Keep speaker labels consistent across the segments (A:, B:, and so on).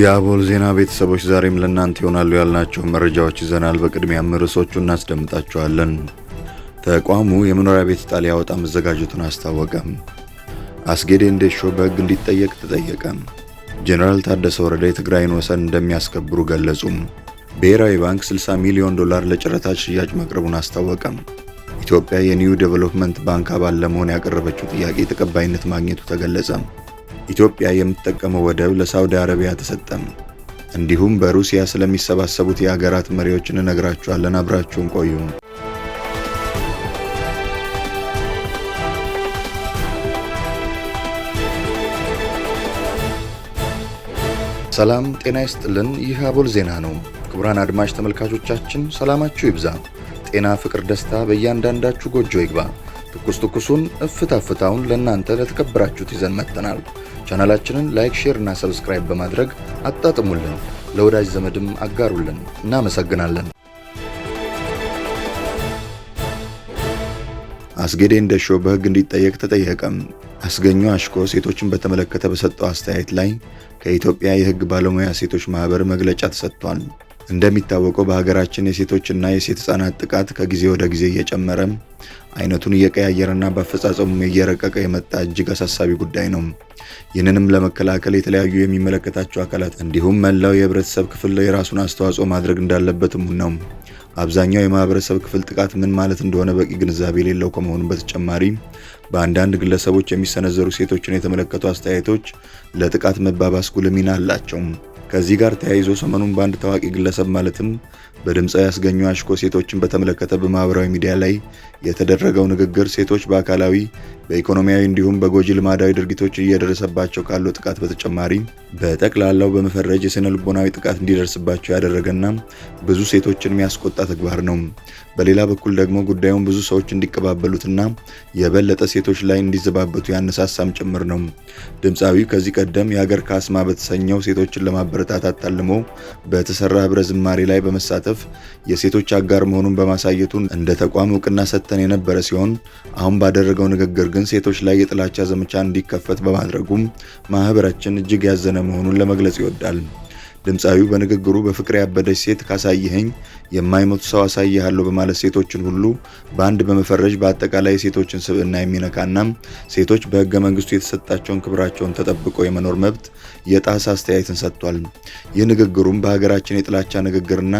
A: የአቦል ዜና ቤተሰቦች ዛሬም ለእናንተ ይሆናሉ ያልናቸው መረጃዎች ይዘናል። በቅድሚያም ርዕሶቹ እናስደምጣቸዋለን። ተቋሙ የመኖሪያ ቤት ዕጣ ሊያወጣ መዘጋጀቱን አስታወቀም። አስጌ ዴንዴሾ በሕግ እንዲጠየቅ ተጠየቀ። ጄኔራል ታደሰ ወረደ የትግራይን ወሰን እንደሚያስከብሩ ገለጹም። ብሔራዊ ባንክ 60 ሚሊዮን ዶላር ለጨረታ ሽያጭ ማቅረቡን አስታወቀም። ኢትዮጵያ የኒው ዴቨሎፕመንት ባንክ አባል ለመሆን ያቀረበችው ጥያቄ ተቀባይነት ማግኘቱ ተገለጸ። ኢትዮጵያ የምትጠቀመው ወደብ ለሳውዲ አረቢያ ተሰጠም። እንዲሁም በሩሲያ ስለሚሰባሰቡት የአገራት መሪዎች እንነግራችኋለን። አብራችሁን ቆዩ።
B: ሰላም ጤና ይስጥልን። ይህ አቦል ዜና ነው። ክቡራን አድማጭ ተመልካቾቻችን ሰላማችሁ ይብዛ፣ ጤና፣ ፍቅር፣ ደስታ በእያንዳንዳችሁ ጎጆ ይግባ። ትኩስ ትኩሱን እፍታ ፍታውን ለእናንተ ለተከበራችሁት ይዘን መጥተናል። ቻናላችንን ላይክ፣ ሼር እና ሰብስክራይብ በማድረግ አጣጥሙልን፣ ለወዳጅ ዘመድም አጋሩልን። እናመሰግናለን።
A: አስጌዴ እንደሾ በሕግ እንዲጠየቅ ተጠየቀም። አስገኙ አሽኮ ሴቶችን በተመለከተ በሰጠው አስተያየት ላይ ከኢትዮጵያ የሕግ ባለሙያ ሴቶች ማህበር መግለጫ ተሰጥቷል። እንደሚታወቀው በሀገራችን የሴቶችና የሴት ህጻናት ጥቃት ከጊዜ ወደ ጊዜ እየጨመረ አይነቱን እየቀያየረና በአፈጻጸሙም እየረቀቀ የመጣ እጅግ አሳሳቢ ጉዳይ ነው። ይህንንም ለመከላከል የተለያዩ የሚመለከታቸው አካላት እንዲሁም መላው የህብረተሰብ ክፍል የራሱን አስተዋጽኦ ማድረግ እንዳለበትም ነው። አብዛኛው የማህበረሰብ ክፍል ጥቃት ምን ማለት እንደሆነ በቂ ግንዛቤ የሌለው ከመሆኑ በተጨማሪ በአንዳንድ ግለሰቦች የሚሰነዘሩ ሴቶችን የተመለከቱ አስተያየቶች ለጥቃት መባባስ ጉልህ ሚና አላቸው። ከዚህ ጋር ተያይዞ ሰሞኑን በአንድ ታዋቂ ግለሰብ ማለትም በድምፃዊ ያስገኙ አሽኮ ሴቶችን በተመለከተ በማህበራዊ ሚዲያ ላይ የተደረገው ንግግር ሴቶች በአካላዊ በኢኮኖሚያዊ እንዲሁም በጎጂ ልማዳዊ ድርጊቶች እየደረሰባቸው ካለው ጥቃት በተጨማሪ በጠቅላላው በመፈረጅ የስነ ልቦናዊ ጥቃት እንዲደርስባቸው ያደረገና ብዙ ሴቶችን የሚያስቆጣ ተግባር ነው። በሌላ በኩል ደግሞ ጉዳዩን ብዙ ሰዎች እንዲቀባበሉትና የበለጠ ሴቶች ላይ እንዲዘባበቱ ያነሳሳም ጭምር ነው። ድምፃዊው ከዚህ ቀደም የሀገር ካስማ በተሰኘው ሴቶችን ለማበ ለማበረታታት ታልሞ በተሰራ ህብረ ዝማሬ ላይ በመሳተፍ የሴቶች አጋር መሆኑን በማሳየቱ እንደ ተቋም እውቅና ሰጥተን የነበረ ሲሆን አሁን ባደረገው ንግግር ግን ሴቶች ላይ የጥላቻ ዘመቻ እንዲከፈት በማድረጉም ማህበራችን እጅግ ያዘነ መሆኑን ለመግለጽ ይወዳል። ድምፃዊው በንግግሩ በፍቅር ያበደች ሴት ካሳየኸኝ የማይሞት ሰው አሳይሃለሁ በማለት ሴቶችን ሁሉ በአንድ በመፈረጅ በአጠቃላይ የሴቶችን ስብዕና የሚነካና ሴቶች በህገ መንግስቱ የተሰጣቸውን ክብራቸውን ተጠብቆ የመኖር መብት የጣስ አስተያየትን ሰጥቷል። ይህ ንግግሩም በሀገራችን የጥላቻ ንግግርና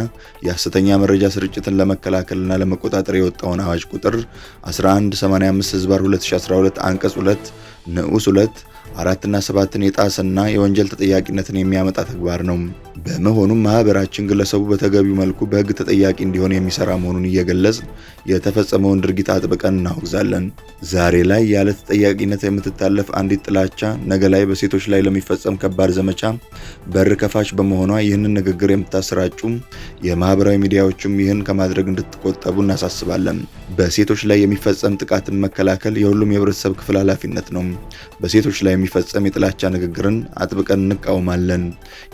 A: የሐሰተኛ መረጃ ስርጭትን ለመከላከልና ለመቆጣጠር የወጣውን አዋጅ ቁጥር 1185 ህዝባር 2012 አንቀጽ 2 ንዑስ 2 አራትና ሰባትን የጣሰና የወንጀል ተጠያቂነትን የሚያመጣ ተግባር ነው። በመሆኑም ማህበራችን ግለሰቡ በተገቢው መልኩ በህግ ተጠያቂ እንዲሆን የሚሰራ መሆኑን እየገለጽ የተፈጸመውን ድርጊት አጥብቀን እናወግዛለን። ዛሬ ላይ ያለ ተጠያቂነት የምትታለፍ አንዲት ጥላቻ ነገ ላይ በሴቶች ላይ ለሚፈጸም ከባድ ዘመቻ በር ከፋች በመሆኗ ይህንን ንግግር የምታሰራጩ የማህበራዊ ሚዲያዎችም ይህን ከማድረግ እንድትቆጠቡ እናሳስባለን። በሴቶች ላይ የሚፈጸም ጥቃትን መከላከል የሁሉም የህብረተሰብ ክፍል ኃላፊነት ነው። በሴቶች ላይ የሚፈጸም የጥላቻ ንግግርን አጥብቀን እንቃወማለን።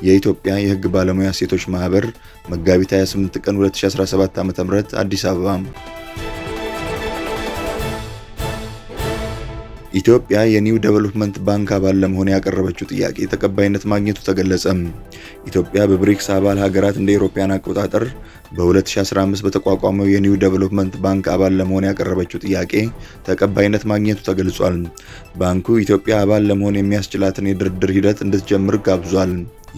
A: የኢትዮጵያ የህግ ባለሙያ ሴቶች ማህበር መጋቢት 28 ቀን 2017 ዓ.ም አዲስ አበባ ኢትዮጵያ የኒው ዴቨሎፕመንት ባንክ አባል ለመሆን ያቀረበችው ጥያቄ ተቀባይነት ማግኘቱ ተገለጸ። ኢትዮጵያ በብሪክስ አባል ሀገራት እንደ ኢሮፓያን አቆጣጠር በ2015 በተቋቋመው የኒው ዴቨሎፕመንት ባንክ አባል ለመሆን ያቀረበችው ጥያቄ ተቀባይነት ማግኘቱ ተገልጿል። ባንኩ ኢትዮጵያ አባል ለመሆን የሚያስችላትን የድርድር ሂደት እንድትጀምር ጋብዟል።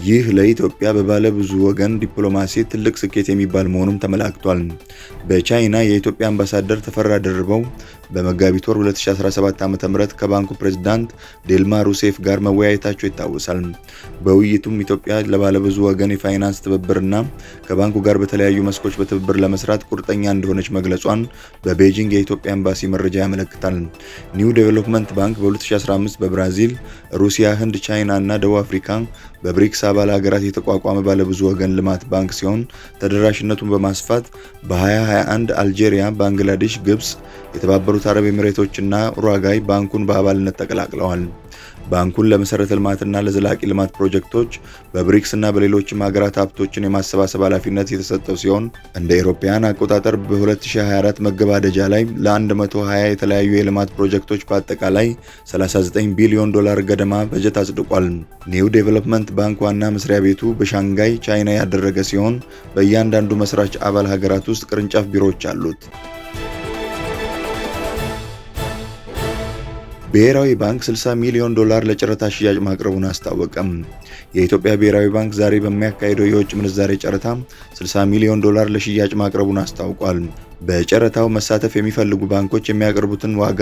A: ይህ ለኢትዮጵያ በባለ ብዙ ወገን ዲፕሎማሲ ትልቅ ስኬት የሚባል መሆኑም ተመላክቷል። በቻይና የኢትዮጵያ አምባሳደር ተፈራ ደርበው በመጋቢት ወር 2017 ዓ.ም ከባንኩ ፕሬዝዳንት ዴልማ ሩሴፍ ጋር መወያየታቸው ይታወሳል። በውይይቱም ኢትዮጵያ ለባለብዙ ወገን የፋይናንስ ትብብርና ከባንኩ ጋር በተለያዩ መስኮች በትብብር ለመስራት ቁርጠኛ እንደሆነች መግለጿን በቤጂንግ የኢትዮጵያ ኤምባሲ መረጃ ያመለክታል። ኒው ዴቨሎፕመንት ባንክ በ2015 በብራዚል፣ ሩሲያ፣ ህንድ፣ ቻይና እና ደቡብ አፍሪካ በብሪክስ አባል ሀገራት የተቋቋመ ባለብዙ ወገን ልማት ባንክ ሲሆን ተደራሽነቱን በማስፋት በ2021 አልጄሪያ፣ ባንግላዴሽ፣ ግብፅ፣ የተባበሩት አረብ ኤሚሬቶችና ኡራጋይ ባንኩን በአባልነት ተቀላቅለዋል። ባንኩን ለመሰረተ ልማትና ለዘላቂ ልማት ፕሮጀክቶች በብሪክስ እና በሌሎችም ሀገራት ሀብቶችን የማሰባሰብ ኃላፊነት የተሰጠው ሲሆን እንደ ኤሮፓያን አቆጣጠር በ2024 መገባደጃ ላይ ለ120 የተለያዩ የልማት ፕሮጀክቶች በአጠቃላይ 39 ቢሊዮን ዶላር ገደማ በጀት አጽድቋል። ኒው ዴቨሎፕመንት ባንክ ዋና መስሪያ ቤቱ በሻንጋይ ቻይና ያደረገ ሲሆን በእያንዳንዱ መስራች አባል ሀገራት ውስጥ ቅርንጫፍ ቢሮዎች አሉት። ብሔራዊ ባንክ 60 ሚሊዮን ዶላር ለጨረታ ሽያጭ ማቅረቡን አስታወቀም። የኢትዮጵያ ብሔራዊ ባንክ ዛሬ በሚያካሂደው የውጭ ምንዛሬ ጨረታ 60 ሚሊዮን ዶላር ለሽያጭ ማቅረቡን አስታውቋል። በጨረታው መሳተፍ የሚፈልጉ ባንኮች የሚያቀርቡትን ዋጋ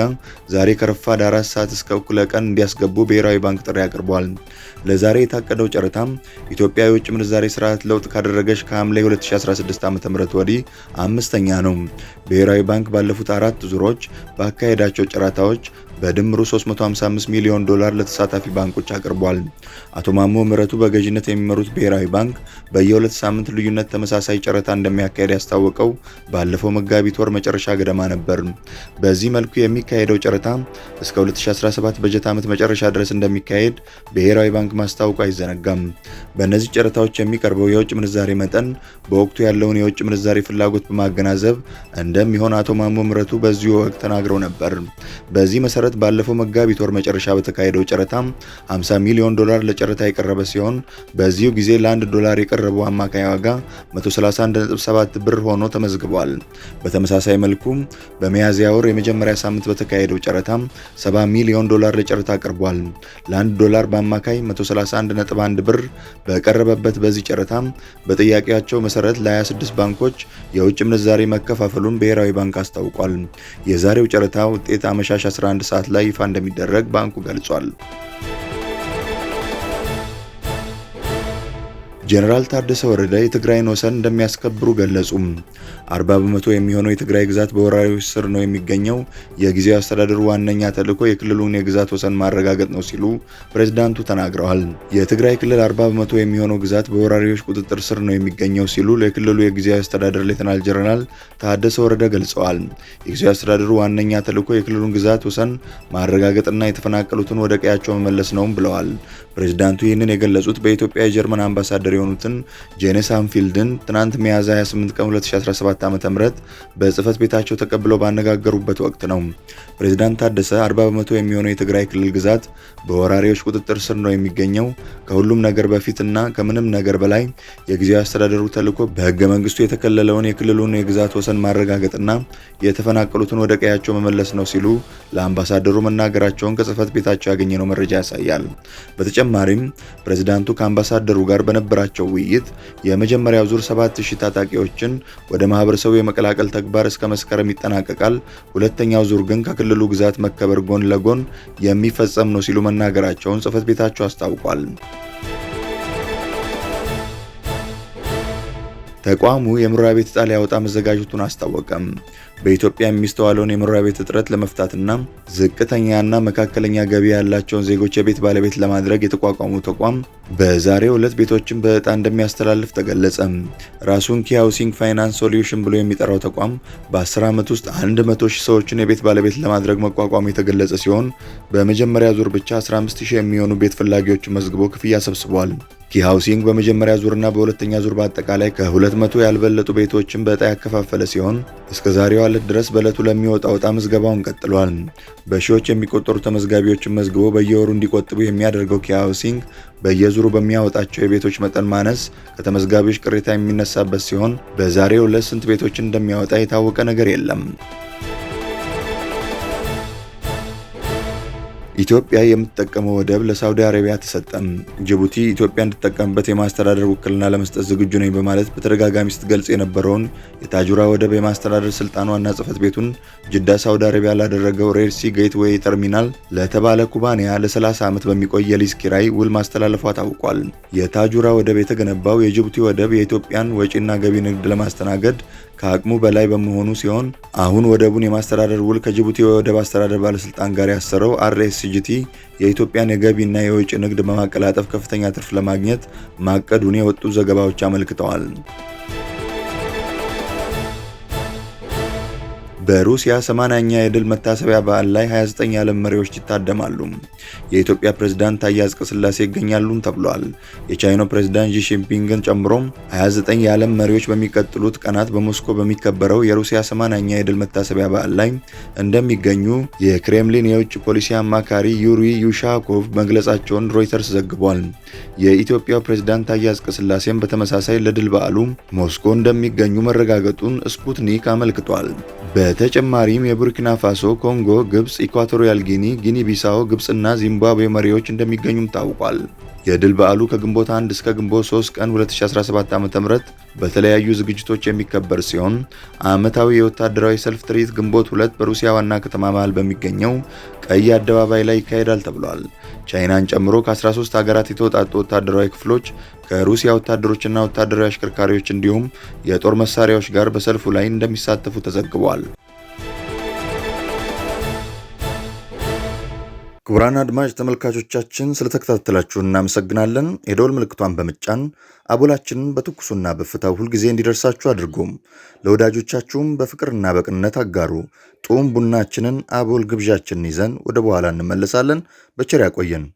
A: ዛሬ ከረፋድ አራት ሰዓት እስከ እኩለ ቀን እንዲያስገቡ ብሔራዊ ባንክ ጥሪ አቅርቧል። ለዛሬ የታቀደው ጨረታም ኢትዮጵያ የውጭ ምንዛሬ ስርዓት ለውጥ ካደረገች ከሐምሌ 2016 ዓ ም ወዲህ አምስተኛ ነው። ብሔራዊ ባንክ ባለፉት አራት ዙሮች ባካሄዳቸው ጨረታዎች በድምሩ 355 ሚሊዮን ዶላር ለተሳታፊ ባንኮች አቅርቧል። አቶ ማሞ ምረቱ በገዥነት የሚመሩት ብሔራዊ ባንክ በየሁለት ሳምንት ልዩነት ተመሳሳይ ጨረታ እንደሚያካሄድ ያስታወቀው ባለፈው መጋ መጋቢት ወር መጨረሻ ገደማ ነበር። በዚህ መልኩ የሚካሄደው ጨረታ እስከ 2017 በጀት ዓመት መጨረሻ ድረስ እንደሚካሄድ ብሔራዊ ባንክ ማስታወቁ አይዘነጋም። በእነዚህ ጨረታዎች የሚቀርበው የውጭ ምንዛሬ መጠን በወቅቱ ያለውን የውጭ ምንዛሬ ፍላጎት በማገናዘብ እንደሚሆን አቶ ማሞ ምረቱ በዚሁ ወቅት ተናግረው ነበር። በዚህ መሰረት ባለፈው መጋቢት ወር መጨረሻ በተካሄደው ጨረታ 50 ሚሊዮን ዶላር ለጨረታ የቀረበ ሲሆን በዚሁ ጊዜ ለአንድ ዶላር የቀረበው አማካይ ዋጋ 131.7 ብር ሆኖ ተመዝግቧል። በተመሳሳይ መልኩም በሚያዝያ ወር የመጀመሪያ ሳምንት በተካሄደው ጨረታም 70 ሚሊዮን ዶላር ለጨረታ አቅርቧል። ለ1 ዶላር በአማካይ 131.1 ብር በቀረበበት በዚህ ጨረታም በጥያቄያቸው መሰረት ለ26 ባንኮች የውጭ ምንዛሬ መከፋፈሉን ብሔራዊ ባንክ አስታውቋል። የዛሬው ጨረታ ውጤት አመሻሽ 11 ሰዓት ላይ ይፋ እንደሚደረግ ባንኩ ገልጿል። ጄኔራል ታደሰ ወረደ የትግራይን ወሰን እንደሚያስከብሩ ገለጹም። 40 በመቶ የሚሆነው የትግራይ ግዛት በወራሪዎች ስር ነው የሚገኘው። የጊዜያዊ አስተዳደሩ ዋነኛ ተልዕኮ የክልሉን የግዛት ወሰን ማረጋገጥ ነው ሲሉ ፕሬዝዳንቱ ተናግረዋል። የትግራይ ክልል 40 በመቶ የሚሆነው ግዛት በወራሪዎች ቁጥጥር ስር ነው የሚገኘው ሲሉ ለክልሉ የጊዜያዊ አስተዳደር ሌተናል ጄኔራል ታደሰ ወረደ ገልጸዋል። የጊዜያዊ አስተዳደሩ ዋነኛ ተልዕኮ የክልሉን ግዛት ወሰን ማረጋገጥና የተፈናቀሉትን ወደ ቀያቸው መመለስ ነውም ብለዋል። ፕሬዝዳንቱ ይህንን የገለጹት በኢትዮጵያ የጀርመን አምባሳደር የሆኑትን ጄኔስ አንፊልድን ትናንት ሚያዝያ 28 ቀን 2017 ዓ.ም በጽህፈት ቤታቸው ተቀብለው ባነጋገሩበት ወቅት ነው። ፕሬዚዳንት ታደሰ 40 በመቶ የሚሆነው የትግራይ ክልል ግዛት በወራሪዎች ቁጥጥር ስር ነው የሚገኘው። ከሁሉም ነገር በፊት ከምንም ነገር በላይ የጊዜያዊ አስተዳደሩ ተልዕኮ በህገ መንግስቱ የተከለለውን የክልሉን የግዛት ወሰን ማረጋገጥና የተፈናቀሉትን ወደ ቀያቸው መመለስ ነው ሲሉ ለአምባሳደሩ መናገራቸውን ከጽህፈት ቤታቸው ያገኘነው መረጃ ያሳያል። በተጨማሪም ፕሬዚዳንቱ ከአምባሳደሩ ጋር በነበራቸው በተደረገላቸው ውይይት የመጀመሪያው ዙር 7000 ታጣቂዎችን ወደ ማህበረሰቡ የመቀላቀል ተግባር እስከ መስከረም ይጠናቀቃል። ሁለተኛው ዙር ግን ከክልሉ ግዛት መከበር ጎን ለጎን የሚፈጸም ነው ሲሉ መናገራቸውን ጽህፈት ቤታቸው አስታውቋል። ተቋሙ የመኖሪያ ቤት ዕጣ ሊያወጣ መዘጋጀቱን አስታወቀም። በኢትዮጵያ የሚስተዋለውን የመኖሪያ ቤት እጥረት ለመፍታትና ዝቅተኛና መካከለኛ ገቢ ያላቸውን ዜጎች የቤት ባለቤት ለማድረግ የተቋቋሙ ተቋም በዛሬው ዕለት ቤቶችን በእጣ እንደሚያስተላልፍ ተገለጸ። ራሱን ኪ ሃውሲንግ ፋይናንስ ሶሉሽን ብሎ የሚጠራው ተቋም በ10 ዓመት ውስጥ 100 ሺህ ሰዎችን የቤት ባለቤት ለማድረግ መቋቋሙ የተገለጸ ሲሆን በመጀመሪያ ዙር ብቻ 15000 የሚሆኑ ቤት ፈላጊዎችን መዝግቦ ክፍያ ሰብስቧል። ኪ ሃውሲንግ በመጀመሪያ ዙርና በሁለተኛ ዙር በአጠቃላይ ከ200 ያልበለጡ ቤቶችን በዕጣ ያከፋፈለ ሲሆን እስከ ዛሬዋ ዕለት ድረስ በዕለቱ ለሚወጣው ዕጣ ምዝገባውን ቀጥሏል። በሺዎች የሚቆጠሩ ተመዝጋቢዎችን መዝግቦ በየወሩ እንዲቆጥቡ የሚያደርገው ኪ ሃውሲንግ በየዙሩ በሚያወጣቸው የቤቶች መጠን ማነስ ከተመዝጋቢዎች ቅሬታ የሚነሳበት ሲሆን በዛሬው ዕለት ስንት ቤቶችን እንደሚያወጣ የታወቀ ነገር የለም። ኢትዮጵያ የምትጠቀመው ወደብ ለሳውዲ አረቢያ ተሰጠም። ጅቡቲ ኢትዮጵያ እንድትጠቀምበት የማስተዳደር ውክልና ለመስጠት ዝግጁ ነኝ በማለት በተደጋጋሚ ስትገልጽ የነበረውን የታጁራ ወደብ የማስተዳደር ስልጣን ዋና ጽሕፈት ቤቱን ጅዳ ሳውዲ አረቢያ ላደረገው ሬድሲ ጌትዌይ ተርሚናል ለተባለ ኩባንያ ለ30 ዓመት በሚቆይ የሊዝ ኪራይ ውል ማስተላለፏ ታውቋል። የታጁራ ወደብ የተገነባው የጅቡቲ ወደብ የኢትዮጵያን ወጪና ገቢ ንግድ ለማስተናገድ ከአቅሙ በላይ በመሆኑ ሲሆን አሁን ወደቡን የማስተዳደር ውል ከጅቡቲ የወደብ አስተዳደር ባለስልጣን ጋር ያሰረው አርኤስ ኤክስጂቲ የኢትዮጵያን የገቢና የውጭ ንግድ በማቀላጠፍ ከፍተኛ ትርፍ ለማግኘት ማቀዱን የወጡ ዘገባዎች አመልክተዋል። በሩሲያ 80ኛ የድል መታሰቢያ በዓል ላይ 29 የዓለም መሪዎች ይታደማሉ። የኢትዮጵያ ፕሬዝዳንት ታዬ አጽቀሥላሴ ይገኛሉም ተብሏል። የቻይናው ፕሬዝዳንት ዢጂንፒንግን ጨምሮም 29 የዓለም መሪዎች በሚቀጥሉት ቀናት በሞስኮ በሚከበረው የሩሲያ 80ኛ የድል መታሰቢያ በዓል ላይ እንደሚገኙ የክሬምሊን የውጭ ፖሊሲ አማካሪ ዩሪ ዩሻኮቭ መግለጻቸውን ሮይተርስ ዘግቧል። የኢትዮጵያው ፕሬዝዳንት ታዬ አጽቀሥላሴም በተመሳሳይ ለድል በዓሉ ሞስኮ እንደሚገኙ መረጋገጡን ስፑትኒክ አመልክቷል። በተጨማሪም የቡርኪና ፋሶ፣ ኮንጎ፣ ግብፅ፣ ኢኳቶሪያል ጊኒ፣ ጊኒ ቢሳው፣ ግብፅና ዚምባብዌ መሪዎች እንደሚገኙም ታውቋል። የድል በዓሉ ከግንቦት 1 እስከ ግንቦት 3 ቀን 2017 ዓ.ም በተለያዩ ዝግጅቶች የሚከበር ሲሆን ዓመታዊ የወታደራዊ ሰልፍ ትርኢት ግንቦት 2 በሩሲያ ዋና ከተማ መሃል በሚገኘው ቀይ አደባባይ ላይ ይካሄዳል ተብሏል። ቻይናን ጨምሮ ከ13 ሀገራት የተወጣጡ ወታደራዊ ክፍሎች ከሩሲያ ወታደሮችና ወታደራዊ አሽከርካሪዎች እንዲሁም የጦር መሳሪያዎች ጋር በሰልፉ ላይ እንደሚሳተፉ ተዘግቧል።
B: ክቡራን አድማጭ ተመልካቾቻችን ስለተከታተላችሁ እናመሰግናለን። የደወል ምልክቷን በመጫን አቦላችንን በትኩሱና በእፍታው ሁልጊዜ እንዲደርሳችሁ አድርጎም ለወዳጆቻችሁም በፍቅርና በቅንነት አጋሩ። ጡም ቡናችንን አቦል ግብዣችንን ይዘን ወደ በኋላ እንመለሳለን። በቸር ያቆየን።